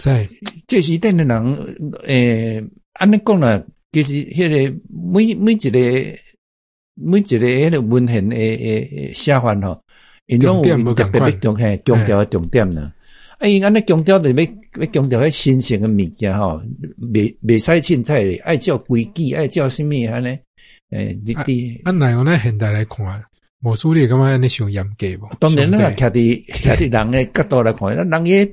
即、啊、係，即係啲人，誒、欸，安尼講啦，其實迄個每每一個每一個迄個文獻，誒、欸、誒，寫法吼，因攏有特別特別重要強調重點啦、欸。啊，因安尼強調着要要強調迄神聖嘅物件吼，未未使凊彩，愛照規矩，愛照咩嘢安尼？誒、欸，啲啲啊，嚟、啊、我呢，現代來看啊，我處感覺安尼傷嚴格？當然嗰個睇啲睇人嘅角度來看，人哋。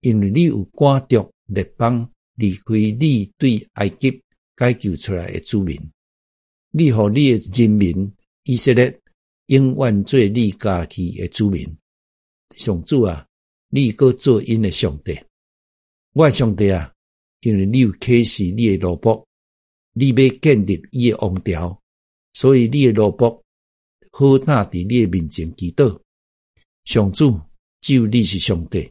因為你有趕着列邦，離開你對埃及解救出來的主民，你互你嘅人民以色列永遠做你家己嘅主民。上主啊，你佫做因嘅上帝，我的上帝啊！因為你有啟示你嘅羅卜，你要建立伊嘅王朝，所以你嘅羅卜好大，佇你面前祈禱。上主，只有你是上帝。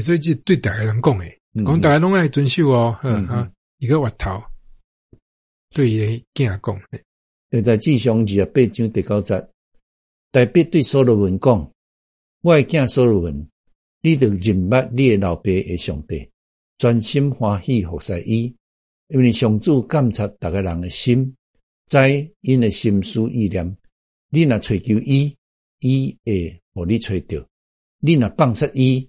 所以即對大家人講誒，講大家攏愛遵守哦，一個滑頭，對伊嘅囝仔講。代志上二十八章第九節，大衛對所羅門講，我見所羅門，你哋認白你嘅老爸嘅上帝，專心歡喜服侍伊，因為上主監察大家人嘅心，在因心思意念，你若追求伊，伊會和你找到，你若放失伊。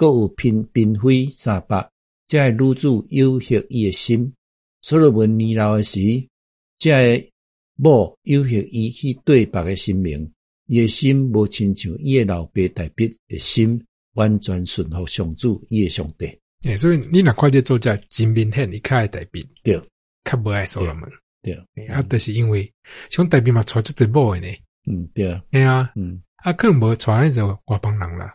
各有偏非三百，即係主有血伊嘅心。所羅門年老嘅時，即係冇有血伊去對別嘅心伊的心冇親像伊嘅老爸大衛嘅心，完全順服上主，伊嘅上帝。Yeah, 所以你若看即個作者真明顯伊較愛大衛，對，較無愛所羅門，對，對 yeah, 啊，著、就是因為像大衛嘛，娶即個某誒呢，嗯，對，哎呀，嗯，啊，可能無娶呢就外邦人啦。